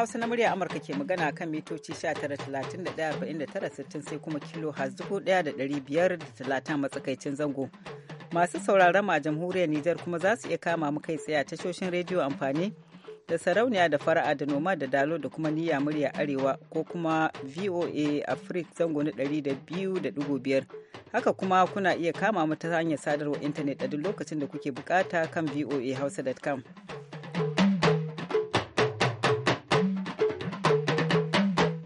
Hausa na murya Amurka ke magana kan mitoci 19,31,49,60 sai kuma kilo talatin matsakaicin zango. Masu sauraron ma jamhuriyar Nijar kuma za su iya kama mu kai tsaye a tashoshin rediyo amfani da sarauniya da fara'a da noma da dalo da kuma niyya murya arewa ko kuma VOA Africa zango na 200.5 haka kuma kuna iya kama mu ta hanyar sadarwa intanet a duk lokacin da kuke bukata kan voahausa.com.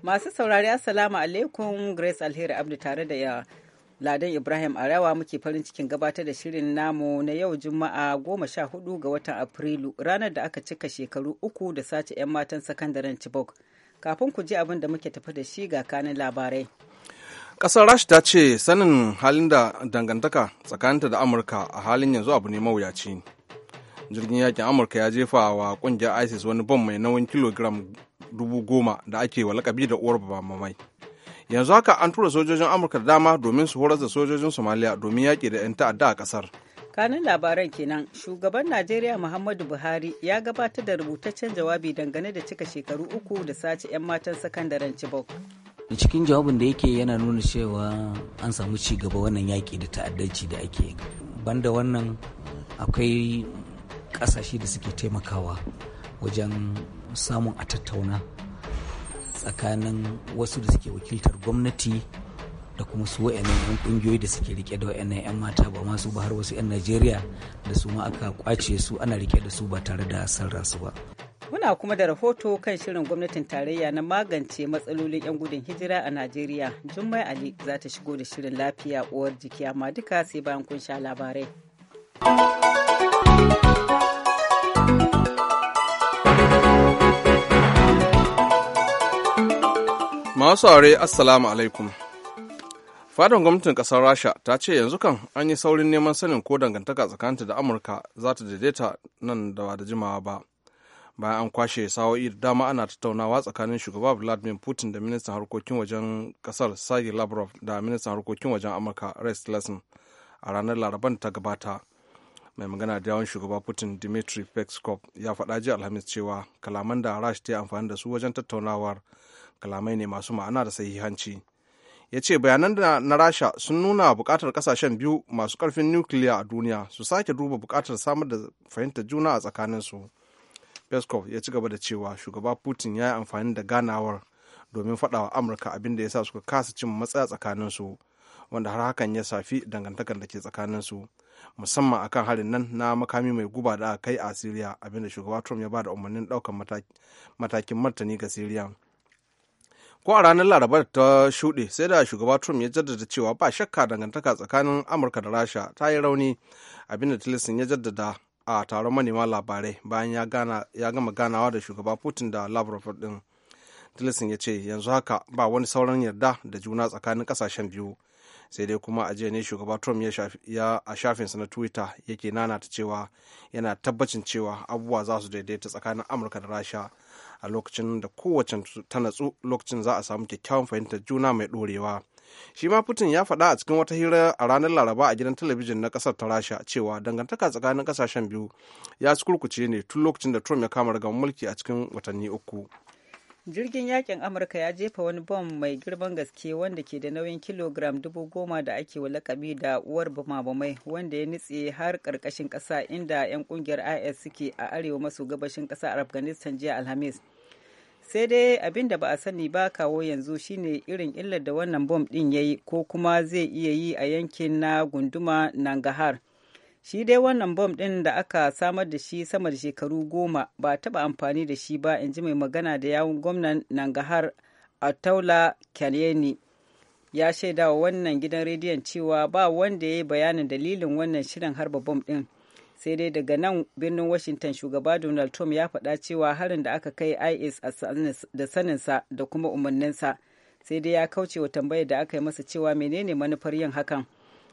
Masu saurari Assalamu alaikum Grace Alheri Abdu tare da Ladan Ibrahim Arawa muke farin cikin gabatar da shirin namu na yau Juma'a goma sha hudu ga watan Afrilu ranar da aka cika shekaru uku da sace 'yan matan sakandaren Chibok. Kafin ku ji abin da muke tafi da shi ga kanin labarai. Ƙasar rashi ta ce sanin halin da dangantaka tsakaninta da Amurka a halin yanzu abu ne mawuyaci. Jirgin yakin Amurka ya jefa wa ƙungiyar ISIS wani bom mai nauyin kilogiram dubu goma da ake wa lakabi da uwar mamai yanzu haka an tura sojojin amurka da dama domin su horar da sojojin somaliya domin yaƙi da 'yan ta'adda a ƙasar kanun labaran kenan shugaban najeriya muhammadu buhari ya gabatar da rubutaccen jawabi dangane da cika shekaru uku da sace 'yan matan sakandaren chibok cikin jawabin da yake yana nuna cewa an samu ci gaba wannan yaƙi da ta'addanci da ake banda wannan akwai ƙasashe da suke taimakawa wajen samun a tattauna tsakanin wasu da suke wakiltar gwamnati da kuma su wa'annan 'yan kungiyoyi da suke rike da wa'annan 'yan mata ba masu ba har wasu 'yan najeriya da su ma aka kwace su ana rike da su ba tare da sarra su ba muna kuma da rahoto kan shirin gwamnatin tarayya na magance matsalolin 'yan gudun hijira a najeriya jummai ali za ta shigo da shirin lafiya uwar jiki amma duka sai bayan kun sha labarai Masu aure Assalamu alaikum. Fadan gwamnatin kasar Rasha ta ce yanzu kan an yi saurin neman sanin ko dangantaka tsakaninta da Amurka za ta daidaita nan da ba da jimawa ba. Bayan an kwashe sa'o'i da dama ana tattaunawa tsakanin shugaba Vladimir Putin da ministan harkokin wajen kasar Sergey Lavrov da ministan harkokin wajen Amurka Rex Tillerson a ranar Laraban ta gabata. mai magana da yawon shugaba putin dmitry peskov ya faɗa jiya alhamis cewa kalaman da rasha ta amfani da su wajen tattaunawar kalamai ne masu ma'ana da sahihanci ya ce bayanan da na rasha sun nuna bukatar kasashen biyu masu karfin nukiliya a duniya su sake duba bukatar samar da fahimtar juna a tsakaninsu peskov ya ci gaba da cewa shugaba putin ya yi amfani da ganawar domin faɗawa amurka abin da ya sa suka kasa cin matsaya tsakaninsu wanda har hakan ya safi dangantakar da ke tsakaninsu musamman akan harin nan na makami mai guba da aka kai a siriya abinda shugaba trump ya ba da umarnin ɗaukar matakin martani ga siriya ko a ranar larabar ta shuɗe sai da shugaba trump ya jaddada cewa ba shakka dangantaka tsakanin amurka da rasha ta yi rauni abinda tilisin ya jaddada a taron manema labarai bayan ya gama ganawa da shugaba putin da lavrov din tilisin ya ce yanzu haka ba wani sauran yarda da juna tsakanin kasashen biyu sai dai kuma a jiya ne shugaba trump ya a shafinsa na twitter yake nanata cewa yana tabbacin cewa abubuwa za su daidaita tsakanin amurka da rasha a lokacin da kowace ta natsu lokacin za a samu kyakkyawan fahimtar juna mai ɗorewa. shi ma putin ya faɗa a cikin wata hira a ranar laraba a gidan talabijin na ƙasar ta rasha cewa dangantaka tsakanin ƙasashen biyu ya ci kurkuce ne tun lokacin da trump ya kama daga mulki a cikin watanni uku jirgin yakin amurka ya jefa wani bom mai girman gaske wanda ke da nauyin kilogram dubu goma da ake wa lakabi da uwar bumabumai wanda ya nitse har karkashin kasa inda 'yan kungiyar is suke a arewa maso gabashin ƙasa afghanistan jiya alhamis sai dai abin da ba a sani ba kawo yanzu shine irin illar da wannan bom ɗin ya yi ko kuma zai iya yi a yankin na gunduma nangahar shi dai wannan bom ɗin da aka samar da shi sama da shekaru goma ba a taɓa amfani da shi ba in ji mai magana da yawun gwamnan nangahar taula kyaneni ya shaidawa wannan gidan rediyon cewa ba wanda ya yi bayanin dalilin wannan shirin harba bom ɗin sai dai daga nan birnin washington shugaba donald trump ya faɗa cewa harin da aka kai is a da saninsa da kuma umarninsa sai dai ya kauce wa tambayar da aka yi masa cewa menene manufar yin hakan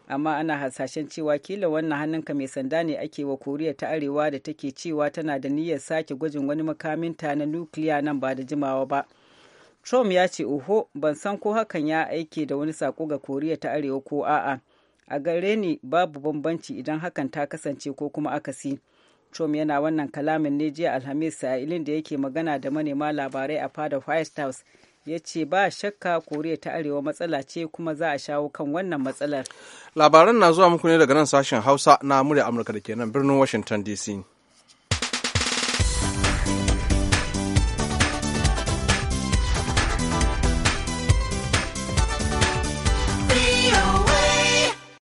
amma ana hasashen cewa kila wannan hannunka mai sanda ne ake wa koriya ta arewa da take cewa tana da niyyar sake gwajin wani makaminta na nukiliya nan ba da jimawa ba trump ya ce oho ban san ko hakan ya aike da wani sako ga koriya ta arewa ko a'a a gare ni babu bambanci idan hakan ta kasance ko kuma akasi trump yana wannan kalamin ne jiya alhamis sa'ilin da yake magana da manema labarai a fada white house ya ce ba shakka koriya ta arewa matsala ce kuma za a shawo kan wannan matsalar labaran na zuwa muku ne daga nan sashen hausa na murya amurka da ke nan birnin washington dc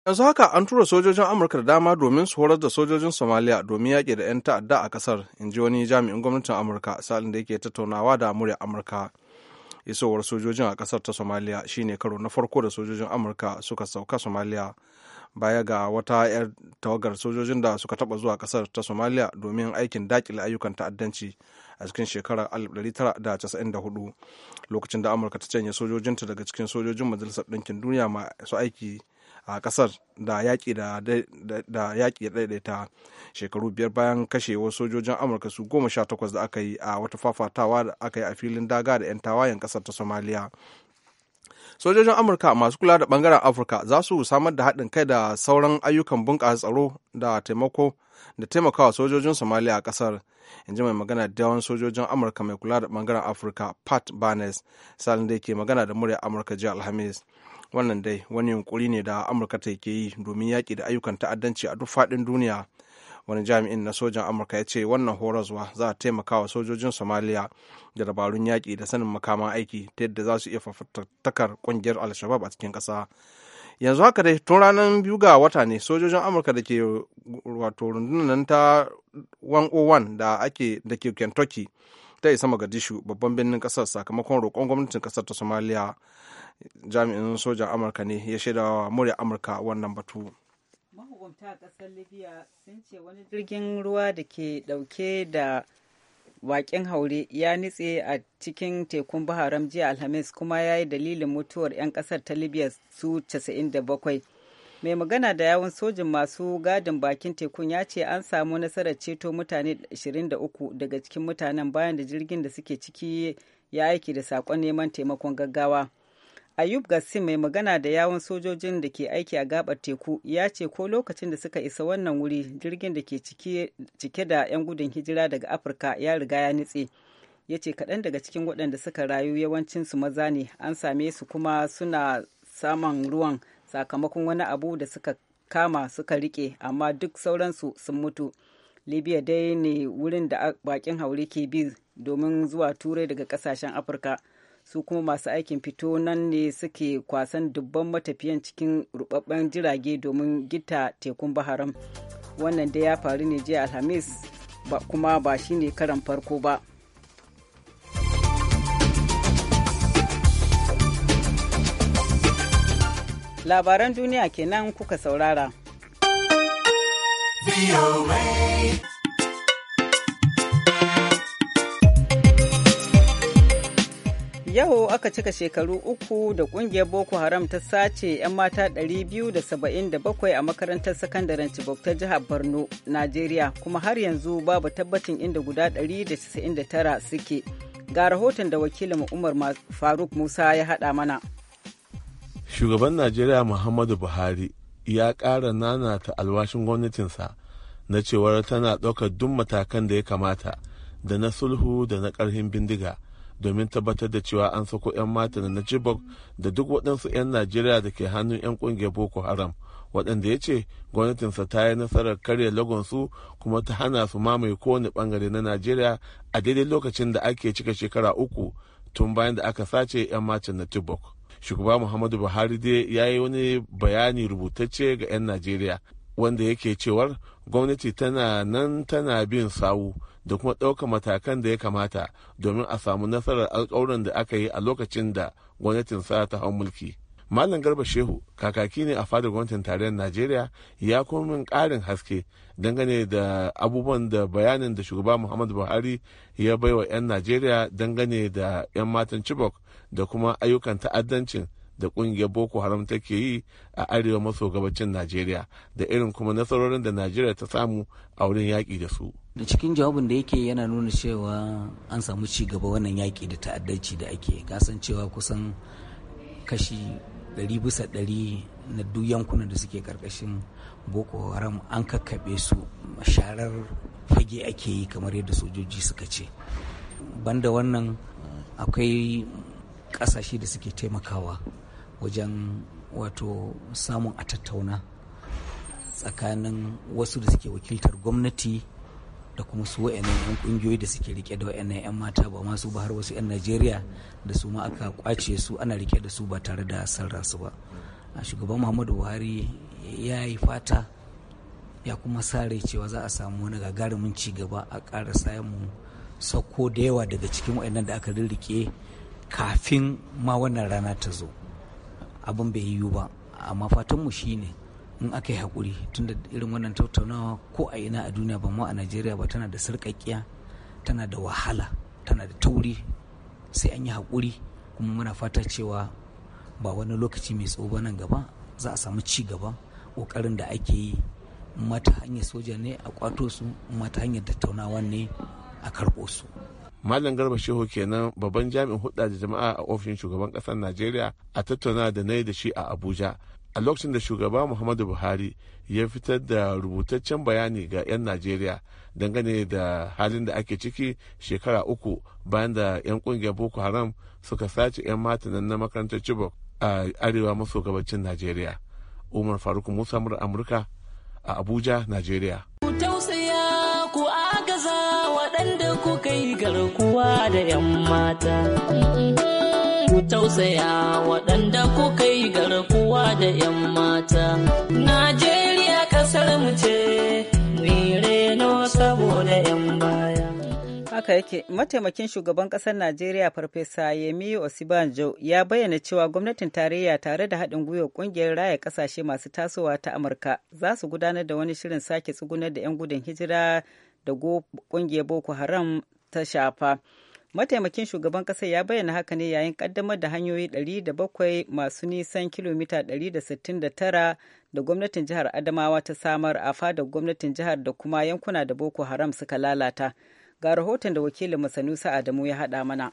yanzu haka an tura sojojin amurka da dama domin su horar da sojojin somaliya domin yaƙi da 'yan ta'adda a ƙasar in ji wani jami'in gwamnatin amurka salin da yake tattaunawa da murya amurka isowar sojojin a ƙasar ta somaliya shine karo na farko da sojojin amurka suka sauka somaliya baya ga wata 'yar tawagar sojojin da suka taba zuwa ƙasar ta somaliya domin aikin daƙile ayyukan ta'addanci a cikin shekarar 1994 lokacin da amurka ta canye sojojinta daga cikin sojojin majalisar ɗinkin duniya masu aiki a kasar da yaƙi da yaƙi ya daidaita shekaru biyar bayan kashewar sojojin amurka su goma sha takwas da aka yi a wata fafatawa da aka yi a filin daga da 'yan tawayen kasar ta somaliya sojojin amurka masu kula da bangaren afirka za su samar da haɗin kai da sauran ayyukan bunƙasa tsaro da taimako da taimakawa sojojin somaliya a kasar in ji mai magana da yawan sojojin amurka mai kula da bangaren afirka pat barnes salin da ke magana da murya amurka jiya alhamis wannan dai wani yunkuri ne da amurka ta ke yi domin yaƙi da ayyukan ta'addanci a duk faɗin duniya wani jami'in na sojan amurka ya ce wannan horaswa za a taimaka wa sojojin somaliya da dabarun yaƙi da sanin makaman aiki ta yadda za su iya fafatakar ƙungiyar alshabab a cikin ƙasa yanzu haka dai tun ranar biyu ga wata ne sojojin amurka da ke wato rundunar ta 101 da ake da ke kentucky ta isa magadishu babban birnin ƙasar sakamakon roƙon gwamnatin ƙasar ta somaliya jami'in sojan amurka ne ya shaidawa murya amurka wannan batu mahukunta a ƙasar libya sun ce wani jirgin ruwa da ke dauke da wakin haure ya nitse a cikin tekun baharam jiya alhamis kuma ya yi dalilin mutuwar 'yan kasar ta libya su 97 mai magana da yawon sojin masu gadin bakin tekun ya ce an samu nasarar ceto mutane 23 daga cikin mutanen bayan da jirgin da suke ciki ya aiki da saƙon neman taimakon gaggawa ayub gassim mai magana da yawon sojojin da ke aiki a gabar teku ya ce ko lokacin da suka isa wannan wuri jirgin da ke cike da 'yan gudun hijira daga afirka ya riga ya nutse ya ce kaɗan daga cikin waɗanda suka rayu yawancinsu maza ne an same su kuma suna samun ruwan sakamakon wani abu da suka kama suka rike amma duk sauransu sun mutu libya dai ne wurin da bakin haure ke bi domin zuwa turai daga ƙasashen afirka su kuma masu aikin fito nan ne suke kwasan dubban matafiyan cikin rubabben jirage domin gita tekun baharam wannan dai ya faru ne jiya alhamis kuma ba shi ne karan farko ba labaran duniya kenan kuka saurara. Yau aka cika shekaru uku da kungiyar Boko Haram ta sace 'yan mata 277 a makarantar sakandaren cibok ta jihar Borno, nigeria kuma har yanzu babu tabbacin inda guda 199 suke. Ga rahoton da wakilin Umar Faruk Musa ya haɗa mana. Shugaban nigeria Muhammadu Buhari ya ƙara nanata alwashin gwamnatinsa na cewar tana ɗaukar duk matakan da ya kamata da na sulhu da na ƙarfin bindiga. domin tabbatar da cewa an sako 'yan matan na Chibok da duk waɗansu 'yan Najeriya da ke hannun 'yan ƙungiyar Boko Haram. waɗanda ya ce gwamnatinsa ta yi nasarar karya lagonsu kuma ta hana su mamaye kowane bangare na najeriya a daidai lokacin da ake cika shekara uku tun bayan da aka sace 'yan matan na tibok shugaba muhammadu buhari dai ya yi wani bayani rubutacce ga 'yan najeriya wanda yake cewar gwamnati tana nan tana bin sawu da kuma ɗaukar matakan da ya kamata domin a samu nasarar alkawuran da aka yi a lokacin da gwamnatin sa ta hau mulki. Malam Garba Shehu kakaki ne a fadar gwamnatin tarayyar Najeriya ya kuma min ƙarin haske dangane da abubuwan da bayanin da shugaba Muhammadu Buhari ya baiwa 'yan Najeriya dangane da 'yan matan Chibok da kuma ayyukan ta'addancin da kungiyar boko haram take yi a arewa maso gabacin najeriya da irin kuma nasarorin da najeriya ta samu a wurin yaƙi da su da cikin jawabin da yake yana nuna cewa an samu ci gaba wannan yaƙi da ta'addanci da ake kasan cewa kusan kashi ɗari bisa ɗari na duk yankunan da suke karkashin boko haram an kakkaɓe su sharar fage ake yi kamar yadda sojoji suka ce banda wannan akwai ƙasashe da suke taimakawa wajen wato samun a tattauna tsakanin wasu da suke wakiltar gwamnati da kuma su wa'annan 'yan kungiyoyi da suke rike da wa'annan 'yan mata ba masu ba har wasu 'yan najeriya da su ma aka kwace su ana rike da su ba tare da sarra su ba shugaban muhammadu buhari ya yi fata ya kuma sare cewa za a samu wani gagarumin ci gaba a ƙara samun sako da yawa daga cikin wa'annan da aka rirrike kafin ma wannan rana ta zo abin bai yiwu ba amma fatanmu shi ne in aka yi haƙuri tunda irin wannan tattaunawa ko a ina a duniya ba mu a najeriya ba tana da sarƙaƙiya tana da wahala tana da tauri sai an yi haƙuri kuma muna fata cewa ba wani lokaci mai tsawo ba nan gaba za a samu ci gaba ƙoƙarin da ake yi mata hanyar soja ne a kwato su mata hanyar tattaunawa ne a karɓo su malam garba shehu kenan babban jami'in hudda da jama'a a ofishin shugaban kasar najeriya a tattauna da na da shi a abuja a lokacin da shugaba muhammadu buhari ya fitar da rubutaccen bayani ga 'yan najeriya dangane da halin da ake ciki shekara uku bayan da 'yan kungiyar boko haram suka sace 'yan mata na makarantar chibok a arewa maso gabacin najeriya umar faruk musa amurka a abuja najeriya garkuwa da 'yan mata. Ku tausaya waɗanda kuka yi garkuwa da 'yan mata. Najeriya ƙasar mu ce, reno saboda 'yan baya. Haka yake, mataimakin shugaban ƙasar Najeriya Farfesa Yemi Osibanjo ya bayyana cewa gwamnatin tarayya tare da haɗin gwiwa ƙungiyar raya ƙasashe masu tasowa ta Amurka za su gudanar da wani shirin sake tsugunar da 'yan gudun hijira da ƙungiyar boko haram ta shafa mataimakin shugaban ƙasar ya bayyana haka ne yayin ƙaddamar da hanyoyi 700 masu nisan kilomita 169 da gwamnatin jihar adamawa ta samar a fadar gwamnatin jihar da kuma yankuna da boko haram suka lalata ga rahoton da wakilin masanusa adamu ya haɗa mana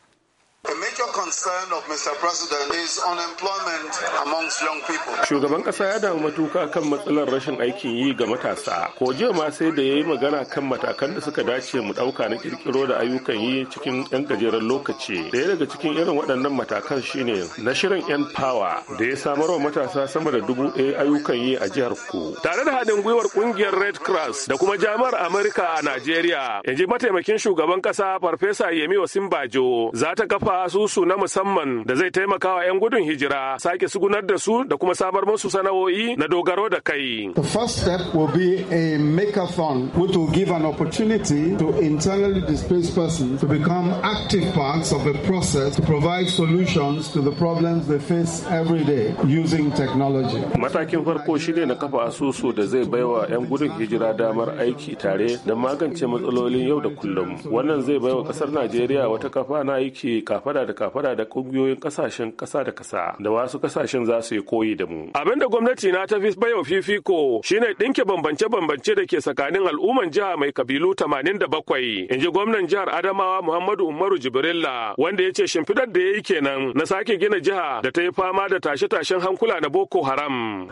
concern of Mr. President is unemployment amongst young people. Shugaban kasa ya damu matuka kan matsalar rashin aikin yi ga matasa. Ko jiya ma sai da ya yi magana kan matakan da suka dace mu ɗauka na kirkiro da ayyukan yi cikin 'yan gajeren lokaci. Daya daga cikin irin waɗannan matakan shine na shirin 'yan power da ya samar wa matasa sama da dubu ɗaya ayyukan yi a jihar ku. Tare da haɗin gwiwar ƙungiyar Red Cross da kuma jami'ar Amerika a Najeriya, in mataimakin shugaban ƙasa Farfesa Yemi Osinbajo za ta kafa asusu na musamman da zai taimaka wa 'yan gudun hijira sake sugunar da su da kuma sabar musu sana'o'i na dogaro da kai. The first step will be a makeathon which will give an opportunity to internally displaced persons to become active parts of the process to provide solutions to the problems they face every day using technology. Matakin farko shine na kafa asusu da zai baiwa 'yan gudun hijira damar aiki tare da magance matsalolin yau da kullum. Wannan zai baiwa kasar Najeriya wata kafa na aiki kafada da kafada shawara da kungiyoyin kasashen kasa da kasa da wasu kasashen za su yi koyi da mu abin da gwamnati na ta fi bayo fifiko shine dinke bambance-bambance da ke tsakanin al'umman jiha mai kabilu tamanin 87 in ji gwamnan jihar adamawa muhammadu umaru jibrilla wanda ya ce shimfidar da ya yi kenan na sake gina jiha da ta yi fama da tashe-tashen hankula na boko haram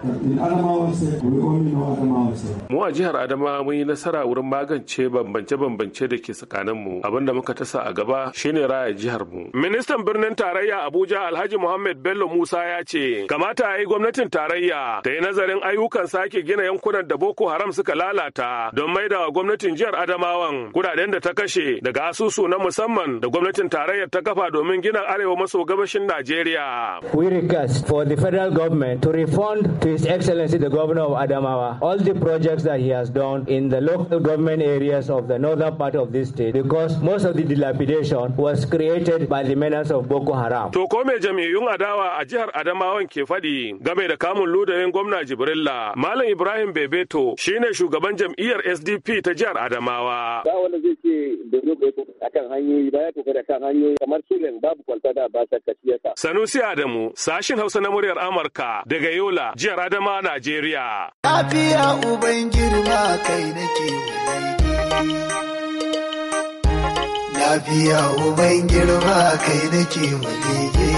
mu a jihar adamawa mun yi nasara wurin magance bambance-bambance da ke tsakaninmu da muka tasa a gaba shine raya jihar mu ministan birnin birnin tarayya Abuja Alhaji Muhammad Bello Musa ya ce, kamata a yi gwamnatin tarayya ta yi nazarin ayyukan sake gina yankunan da Boko Haram suka lalata don maida wa gwamnatin jihar Adamawan kudaden da ta kashe daga asusu na musamman da gwamnatin tarayyar ta kafa domin gina arewa maso gabashin Najeriya. We request for the federal government to refund to His Excellency the Governor of Adamawa all the projects that he has done in the local government areas of the northern part of this state because most of the dilapidation was created by the menace of Boko Haram. To ko me jam'iyyun adawa a jihar Adamawan ke faɗi game da kamun ludayin gwamna Jibrilla. Malam Ibrahim Bebeto shine shugaban jam'iyyar SDP ta jihar Adamawa. Ba wanda zai ce domin a akan hanyoyi ba ya kokari kan hanyoyi kamar sulen babu kwalta da ba sakka siyasa. Sanusi Adamu sashin Hausa na muryar Amurka daga Yola jihar adamawa Najeriya. Lafiya uban girma kai nake lafiya uban girma kai nake wadege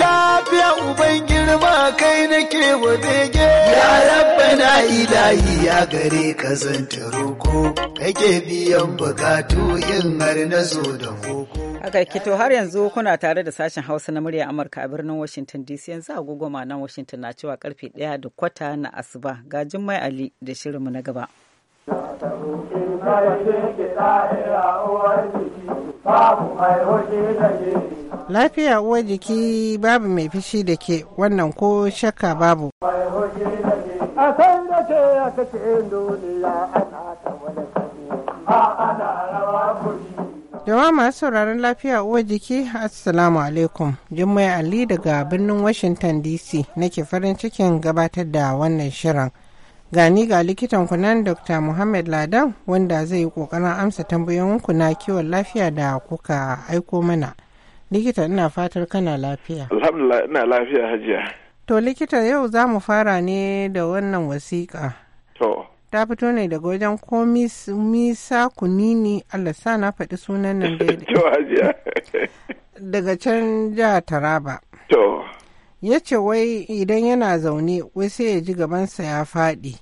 lafiya uban girma kai nake wadege ya rabbana ilahi ya gare ka zanta roko kake biyan bukatu in har na zo da koko haka ki to har yanzu kuna tare da sashen hausa na murya amurka a birnin washington dc yanzu ma nan washington na cewa karfe 1 da kwata na asuba ga jummai ali da shirinmu na gaba Lafiya uwar jiki babu mai fishi da ke wannan ko shakka babu. A da ke ce ta ana rawa masu sauraron lafiya uwa jiki Assalamu alaikum. Jummai Ali daga birnin Washington DC nake farin cikin gabatar da wannan shirin. gani ga likitan kunan dr muhammad ladan wanda zai yi kokarin amsa tambayoyinku na kiwon lafiya da kuka aiko mana likita ina fatar kana lafiya alhamdulillah ina lafiya hajiya to likita yau za mu fara ne da wannan wasiƙa to ta fito ne daga wajen ko misa kunini allah sa na faɗi sunan nan daidai daga can jihar taraba to ya ce wai idan yana zaune wai sai ya ji gabansa ya faɗi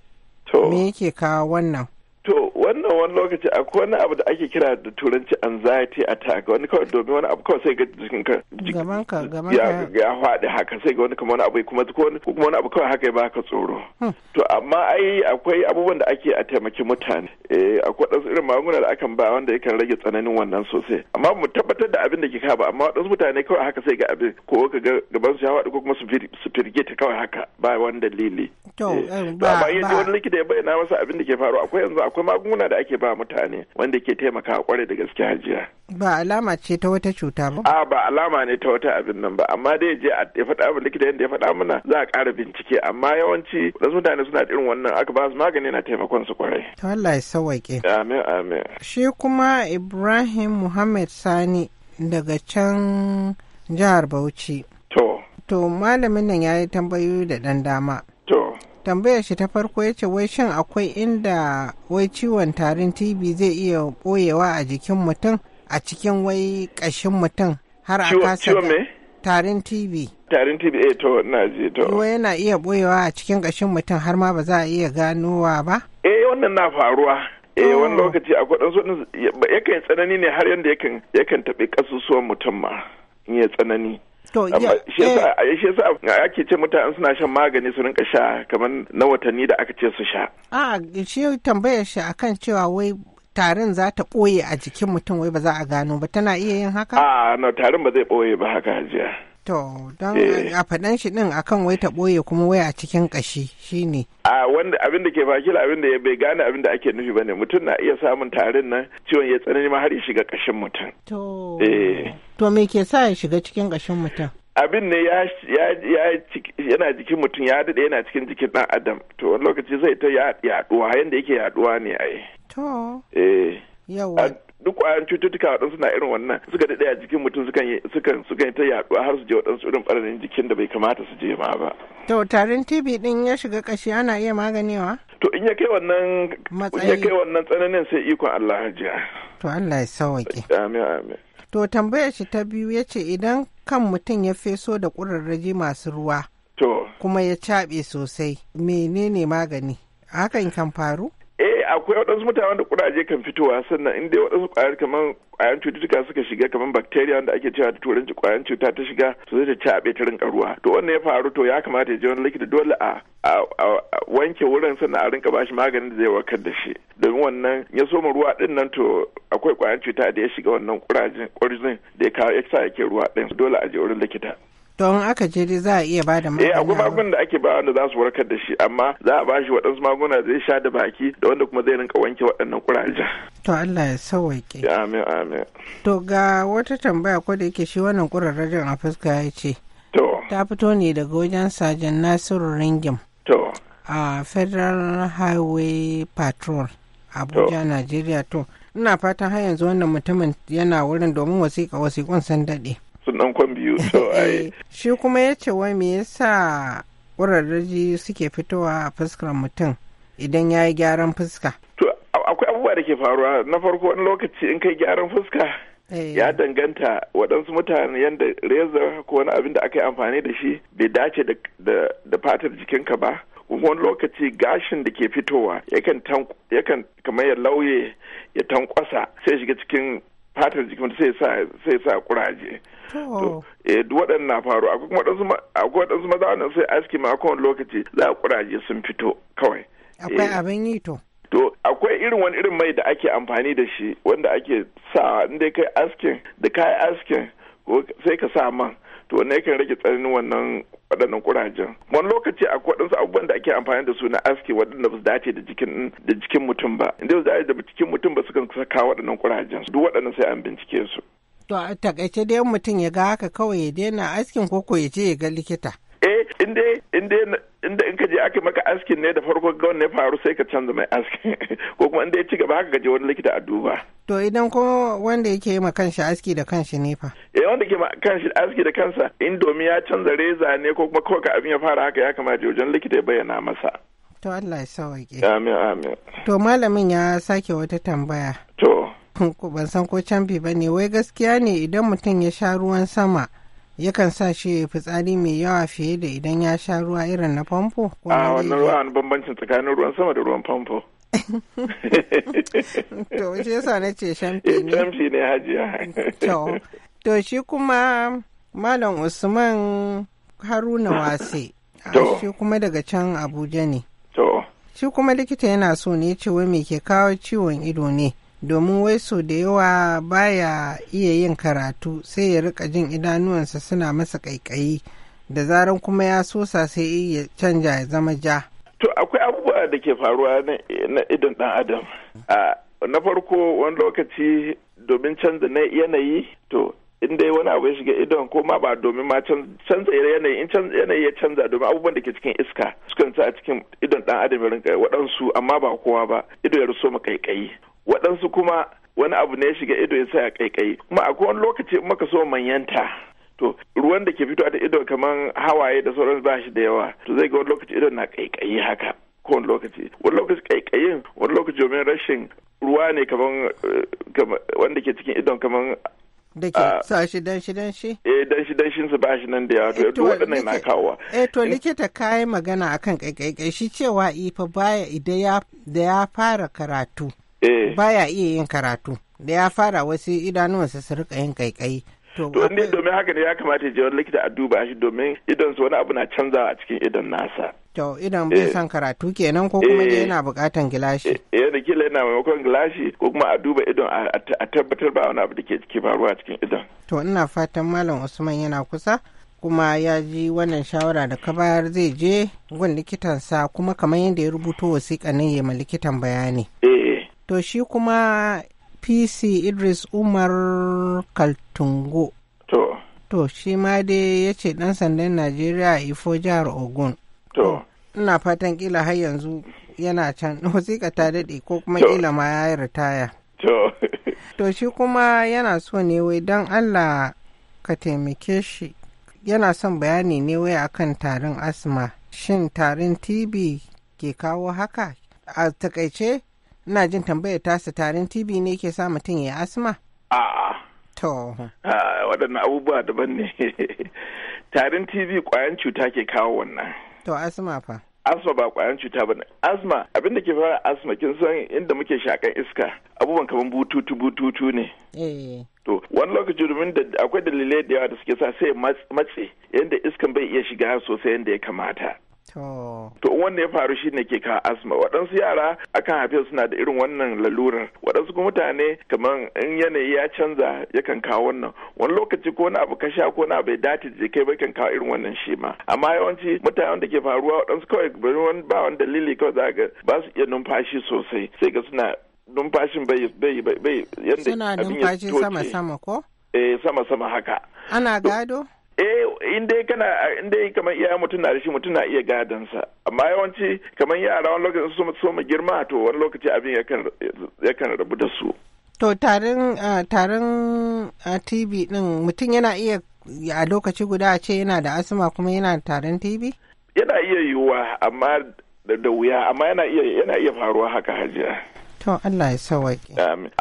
me yake kawo wannan wannan wani lokaci akwai wani abu da ake kira da turanci anxiety attack wani kawai domin wani abu kawai sai ga jikin ka ya faɗi haka sai ga wani kuma wani abu kuma kuma wani abu kawai haka ya baka tsoro hmm. to amma ai akwai abubuwan da ake a taimaki mutane eh akwai wadansu irin magunguna da akan ba wanda yakan rage tsananin wannan sosai amma mu tabbatar da abin da ke kawo amma wadansu mutane kawai haka sai ga abin ko ka ga gaban su ya faɗi ko kuma su firgita kawai haka ba wani dalili to eh, eh, ba ba wani likita ya bayyana masa abin da ke faru akwai yanzu akwai magunguna magunguna da ake ba mutane wanda ke taimakawa kwarai da gaske hajiya. Ba alama ce ta wata cuta ba? A ba alama ne ta wata abin nan ba, amma dai je a ya faɗa min likita yadda ya faɗa mana za a ƙara bincike, amma yawanci wasu mutane suna irin wannan aka ba su magani na taimakon su kwarai. Ta Allah ya sawaƙe. Amin amin. Shi kuma Ibrahim Muhammad Sani daga can jihar Bauchi. To. To malamin nan ya yi tambayoyi da dan dama. tambayar shi ta farko ya ce wai shin akwai inda wai ciwon tarin tb zai iya boyewa a jikin mutum a cikin wai ƙashin mutum har a kasa tarin tb tarin tb eh to na je to wai yana iya boyewa a cikin ƙashin mutum har ma ba za a iya ganowa ba eh wannan na faruwa eh wani oh. lokaci akwai dan su yakan tsanani ne har yanda yakan yakan taɓi ƙasusuwan mutum ma in ya tsanani To eh. shi yasa ake ce mutane suna shan magani su rinka sha kamar na watanni da aka ce su sha. A shi tambayar shi akan cewa wai tarin za ta ɓoye a jikin mutum wai ba za a gano ba tana iya yin haka? A na tarin ba zai ɓoye ba haka hajiya. To, don eh. a faɗan shi ɗin akan wai ta ɓoye kuma wai a cikin ƙashi shi ne. A wanda abin da ke baki abin da ya bai gane abin da ake nufi ba ne mutum na iya samun tarin nan ciwon ya tsanani ma har ya shiga ƙashin mutum. To, eh. to me ke sa ya shiga cikin ƙashin mutum? abin ne ya yana jikin mutum ya daɗe yana cikin jikin ɗan adam to wani lokaci zai ta yaɗuwa yadda yake yaɗuwa ne yi. to eh yawa duk kwayan cututtuka waɗansu na irin wannan suka daɗe a jikin mutum sukan yi sukan sukan ta yaɗuwa har su je waɗansu irin ɓarayin jikin da bai kamata su je ma ba. To tarin TB ɗin ya shiga ƙashi ana iya maganewa? To in ya kai wannan in ya kai wannan tsananin sai ikon Allah hajiya. To Allah ya sauwaƙe. Amin amin. To tambayar shi ta biyu ya ce idan kan mutum ya feso da ƙurarraji masu ruwa. To. Kuma ya caɓe sosai menene magani? Hakan kan faru? akwai waɗansu mutane da kuraje kan fitowa sannan in dai waɗansu ƙwayar kamar ƙwayar cututtuka suka shiga kamar bacteria wanda ake cewa da turanci ƙwayar cuta ta shiga to zai ta caɓe ta rinka ruwa to wannan ya faru to ya kamata ya je wani likita dole a wanke wurin sannan a rinka bashi maganin da zai warkar da shi domin wannan ya soma ruwa din nan to akwai ƙwayar cuta da ya shiga wannan ƙwarjin da ya kawo ya sa yake ruwa din dole a je wurin likita To aka je dai za a iya ba da magani. Eh akwai magungunan da ake ba wanda za su warkar da shi amma za a ba shi waɗansu magunguna zai sha da baki da wanda kuma zai rinka wanke waɗannan kurajen. To Allah ya sauwaƙe. Amin amin. To ga wata tambaya ko da yake shi wannan kurarrajen a fuska ya ce. To. Ta fito ne daga wajen Sajan Nasiru Ringim. To. A Federal Highway Patrol. Abuja, Najeriya to. Ina fatan har yanzu wannan mutumin yana wurin domin wasiƙa wasiƙun sun daɗe. sun kwan biyu to ai eh, shi kuma ya ce wai me yasa ƙurarraji suke fitowa a fuskar mutum idan ya yi gyaran fuska to akwai abubuwa da ke faruwa na farko wani lokaci in kai gyaran fuska eh. ya danganta waɗansu mutane yadda reza ko wani abin da aka yi amfani da shi bai dace da fatar jikinka ba wani lokaci gashin da ke fitowa yakan kamar ya lauye ya tankwasa sai shiga cikin fatar jikin sai sa sai sa kuraje to eh waɗannan na faru akwai zuma akwai dan maza wannan sai aski ma kowane lokaci za a kuraje sun fito kawai akwai eh. abin yi to to akwai irin wani irin mai da ake amfani da shi wanda ake sa inda kai askin da kai askin sai ka sa man to wannan yakan rage tsananin wannan waɗannan kurajen wani lokaci a waɗansu abubuwan da ake amfani da su na aski waɗanda ba su dace da jikin da jikin mutum ba inda ba su dace da jikin mutum ba sukan kawo waɗannan kurajen duk waɗannan sai an bincike su to a takaice dai mutum ya ga haka kawai ya daina askin ko ko ya je ya ga likita eh inda inda inda in ka je aka maka askin ne da farko ga wannan ya faru sai ka canza mai askin ko kuma inda ya ci gaba haka ka je wani likita a duba To idan kuma wanda yake ma kanshi aski da kanshi ne fa? Eh wanda ke ma kanshi aski da kansa in domin ya canza reza ne ko kuma kawai abin ya fara haka ya kamata wajen likita ya bayyana masa. To Allah ya sauke. Amin amin. To malamin ya sake wata tambaya. To. Ban san ko canfi ba ne wai gaskiya ne idan mutum ya sha ruwan sama yakan sa shi ya fitsari mai yawa fiye da idan ya sha ruwa irin na famfo. A wannan ruwa bambancin tsakanin ruwan sama da ruwan famfo. to shi yasa na ce shamfi ne eh, shamfi ne hajiya to to shi kuma malam usman haruna wase ah, shi kuma daga can abuja ne to shi kuma likita yana so ne ce wai me ke kawo ciwon ido ne domin wai so da yawa baya iya yin karatu sai ya rika jin idanuwansa suna masa ƙaiƙayi, da zaran kuma ya sosa sai ya canja ya zama ja to akwai abubuwa da ke faruwa na idan dan adam na farko wani lokaci domin canza na yanayi to in dai wani abu ya shiga idon ko ma ba domin ma canza yanayi in canza yanayi ya canza domin abubuwan da ke cikin iska sukan sa a cikin idon dan adam rinka waɗansu amma ba kowa ba ido ya ruso makaikai waɗansu kuma wani abu ne ya shiga ido ya sa ya kaikai kuma akwai wani lokaci in muka so manyanta to ruwan da ke fito a ido kamar hawaye da sauran ba shi da yawa to zai ga wani lokaci idon na kaikayi haka ko wani lokaci wani lokaci kaikayin wani lokaci domin rashin ruwa ne kamar eh, wanda ke cikin idon kamar da ke ah, sa shi danshi danshi? Eh danshi danshin su ba shi nan da yawa to yadda eh, waɗannan na kawowa. Eh to eh. likita kayi magana akan kaikaikai shi cewa ifa baya idan da ya fara karatu. Baya iya yin karatu. Da ya fara wasu idanuwansa su rika yin kaikai to ne domin haka ne ya kamata ya je wani likita a duba shi domin idan su wani abu na canzawa a cikin idan nasa to idan bai eh. san karatu kenan ko kuma dai eh. yana bukatan gilashi eh da eh, kila yana maimakon gilashi ko kuma a duba idon a tabbatar ba wani abu da ke faruwa a cikin idon to ina fatan malam usman yana kusa kuma ya ji wannan shawara da ka bayar zai je gun likitan sa kuma kamar yadda ya rubuto wasiƙa nan ya ma likitan bayani. To shi kuma PC Idris Umar Kaltungo. To. To, shi ma dai ya ce ɗan sandan Najeriya a Ifo jihar Ogun. To. Ina fatan kila har yanzu yana can wasiƙa ta daɗe ko kuma ƙila ma ya yi ritaya. To. to shi kuma yana so ne wai don Allah ka taimake shi. Yana son bayani ne wai akan tarin asma. Shin tarin TB ke kawo haka? A takaice ina jin tambayar tasa tarin tb ne ke sa mutum ya asma a'a to waɗannan abubuwa daban ne tarin tb ƙwayan cuta ke kawo wannan to asma fa asma ba ƙwayan cuta ba ne asma abin da ke fara asma kin san inda muke shakan iska abubuwan kamar bututu bututu ne eh. to wani lokaci domin da akwai dalilai da yawa da suke sa sai matse yadda iskan bai iya shiga sosai yadda ya kamata To wanda ya faru shi ne ke ka asma waɗansu yara akan haife suna da irin wannan lalurar waɗansu kuma mutane kamar in yanayi ya canza yakan kawo wannan wani lokaci ko na abu ka sha ko na bai dace da kai ba kan kawo irin wannan shi ma amma yawanci mutane da ke faruwa waɗansu kawai ba wani dalili kawai za ga ba su iya numfashi sosai sai ga suna numfashin bai bai bai yanda suna numfashi sama sama ko eh sama sama haka ana gado eh in dai kana in dai kamar iyaye mutum na da shi mutum na iya gadon sa amma yawanci kamar yara wani lokaci su so mu girma to wani lokaci abin yakan rabu da su to tarin tarin tv din mutum yana iya a lokaci guda a ce yana da asma kuma yana tarin tv yana iya yiwuwa amma da wuya amma yana iya yana iya faruwa haka hajiya to Allah ya sawaƙi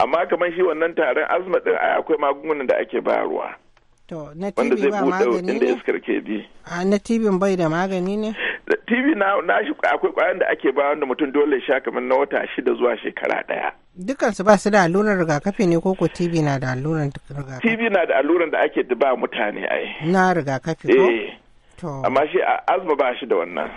amma kamar shi wannan tarin azma din akwai magungunan da ake bayarwa To, na TV ba magani ne? iskar ke bi. A na TV bai da magani ne? TV na na shi akwai kwayan da ake ba wanda mutum dole sha kamar na wata shida zuwa shekara daya. su ba su da allurar rigakafi ne koko TV na da alluran rigakafi? TV na da alluran da ake ba mutane ai. Na rigakafi ko? Eh. Amma shi azma ba shi da wannan.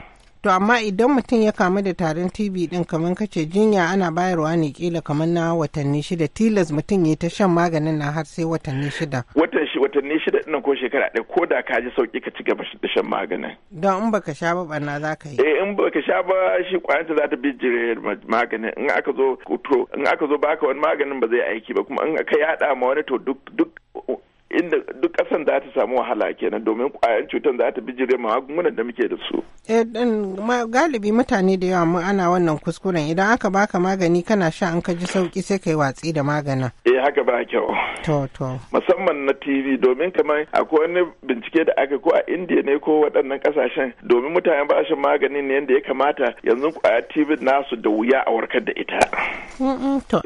to amma idan mutum ya kamu da tarin tb din kamar kace jinya ana bayarwa ne kila kamar na watanni shida tilas mutum ya ta shan maganin na har sai watanni shida watan shi watanni shida din ko shekara ɗaya ko da ka ji sauki ka ci gaba da shan maganin don in baka sha ba barna za ka yi eh in baka sha ba shi ta za ta bijire maganin in aka zo to in aka zo baka wani maganin ba zai aiki ba kuma in ka yada ma wani to duk duk inda duk kasan za ta samu wahala kenan domin kwayan cutar za ta bijire magungunan da muke da su. Eh, galibi mutane da yawa mu ana wannan kuskuren idan aka baka magani kana sha an kaji ji sauki sai kai watsi da maganin. Eh haka ba kyau. To to. Musamman na TV domin kamar akwai wani bincike da aka ko a Indiya ne ko waɗannan kasashen domin mutane ba shan magani ne yadda ya kamata yanzu kwaya TV nasu da wuya a warkar da ita.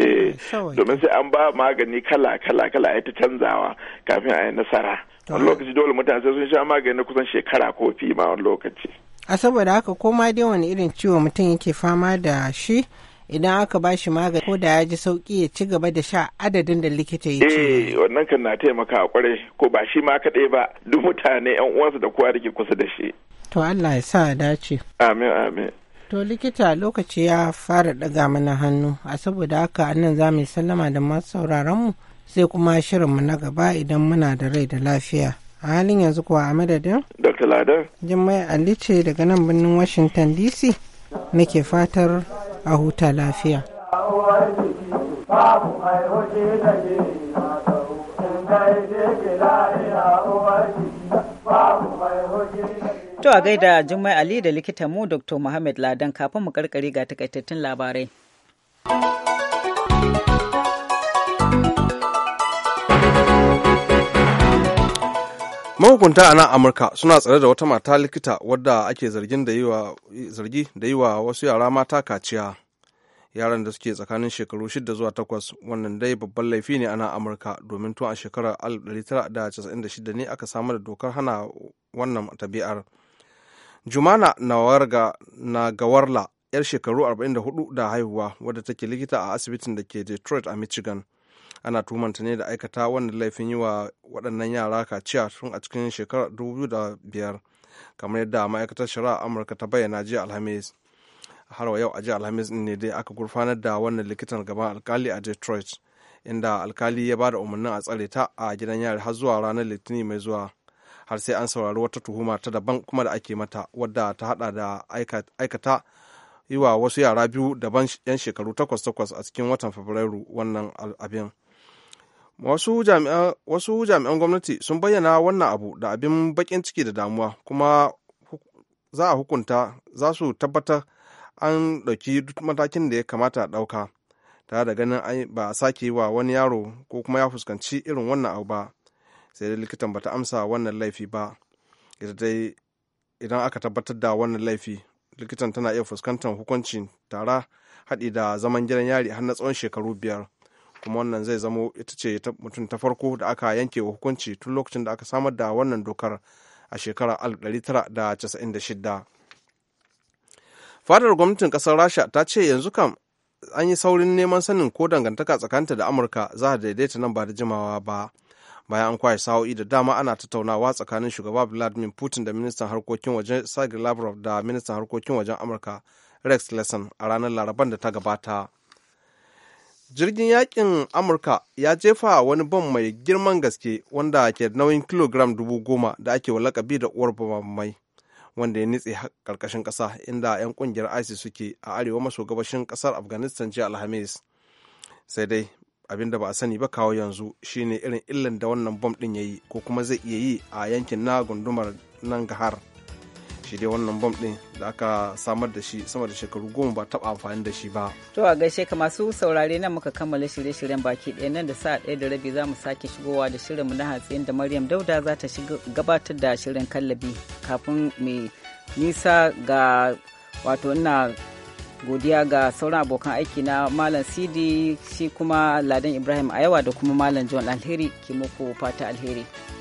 Eh, domin sai an ba magani kala kala kala ya ta canzawa. kafin a yi nasara wani lokaci dole mutane sun sha magani na kusan shekara ko fi ma wani lokaci a saboda haka ko ma dai wani irin ciwo mutum yake fama da shi idan aka ba shi magani ko da ya ji sauki ya ci gaba da sha adadin da likita ya ce. Eh wannan kan na taimaka a kwarai ko ba shi ma kaɗai ba duk mutane yan uwansa da kowa da ke kusa da shi. To Allah ya sa dace. Amin amin. To likita lokaci ya fara ɗaga mana hannu a saboda haka nan za mu sallama da masu sauraron mu sai kuma shirinmu na gaba idan muna da rai da lafiya. A halin yanzu kuwa a madadin? Dr. Ladar. Jummai Ali ce daga nan birnin Washington DC nake fatar a huta lafiya. To a gaida Jummai Ali da likitanmu Dr. Muhammad Ladan kafin mu karkare ga takaitattun labarai. mahukunta a nan amurka suna tsare da wata mata likita wadda ake zargi da yi wa wasu yara mata kaciya yaran da suke tsakanin shekaru 6 zuwa 8 wannan dai babban laifi ne a nan amurka domin tun a shekarar 1996 ne aka samar da dokar hana wannan tabi'ar jumana na gawarla yar shekaru 44 da haihuwa wadda take likita a asibitin da ke detroit a michigan ana tumanta ne da aikata wannan laifin yi wa waɗannan yara kaciya tun a cikin shekarar 2005 kamar yadda ma'aikatar shari'a amurka ta bayyana jiya alhamis har yau a jiya alhamis ne dai aka gurfanar da wannan likitan gaban alkali a detroit inda alkali ya ba da umarnin a tsare ta a gidan yari har zuwa ranar litinin mai zuwa har sai an saurari wata tuhuma ta daban kuma da ake mata wadda ta hada da aikata yi wa wasu yara biyu daban 'yan shekaru takwas takwas a cikin watan fabrairu wannan abin wasu jami'an gwamnati sun bayyana wannan abu da abin bakin ciki da damuwa kuma za a hukunta za su tabbatar an ɗauki duk matakin da ya kamata a ɗauka tare da ganin ba a sake wa wani yaro ko kuma ya fuskanci irin wannan abu ba sai dai likitan bata amsa wannan laifi ba ita dai idan aka tabbatar da wannan laifi likitan tana iya fuskantar hukuncin tara haɗi da zaman gidan yari har na tsawon shekaru biyar kuma wannan zai zamo ita ce mutum ta farko da aka yanke wa hukunci tun lokacin da aka samar da wannan dokar a shekarar 1996 fadar gwamnatin kasar rasha ta ce yanzu kam an yi saurin neman sanin ko dangantaka tsakanta da amurka za a daidaita nan ba da jimawa ba bayan an kwaye sa'o'i da dama ana tattaunawa tsakanin shugaba vladimir putin da ministan harkokin wajen sergei lavrov da ministan harkokin wajen amurka rex lesson a ranar laraban da ta gabata jirgin yakin amurka ya jefa wani bom mai girman gaske wanda ke nauyin kilogram dubu goma da ake wa walakabi da uwar mai wanda ya nitse karkashin kasa inda 'yan kungiyar isis suke a arewa maso gabashin kasar afghanistan jiya alhamis sai dai abin da ba a sani ba kawo yanzu shine irin illan da wannan bom din ya yi ko kuma zai iya yi a yankin na gundumar nan gahar. shi dai wannan bom ɗin da aka samar da shi sama da shekaru goma ba taɓa amfani da shi ba. To a gaishe ka masu saurare nan muka kammala shirye-shiryen baki ɗaya nan da sa ɗaya da rabi za mu sake shigowa da shirinmu na hatsi da Maryam Dauda za ta gabatar da shirin kallabi kafin mai nisa ga wato ina godiya ga sauran abokan aiki na Malam Sidi shi kuma Ladan Ibrahim Ayawa da kuma Malam John Alheri ke muku fata alheri.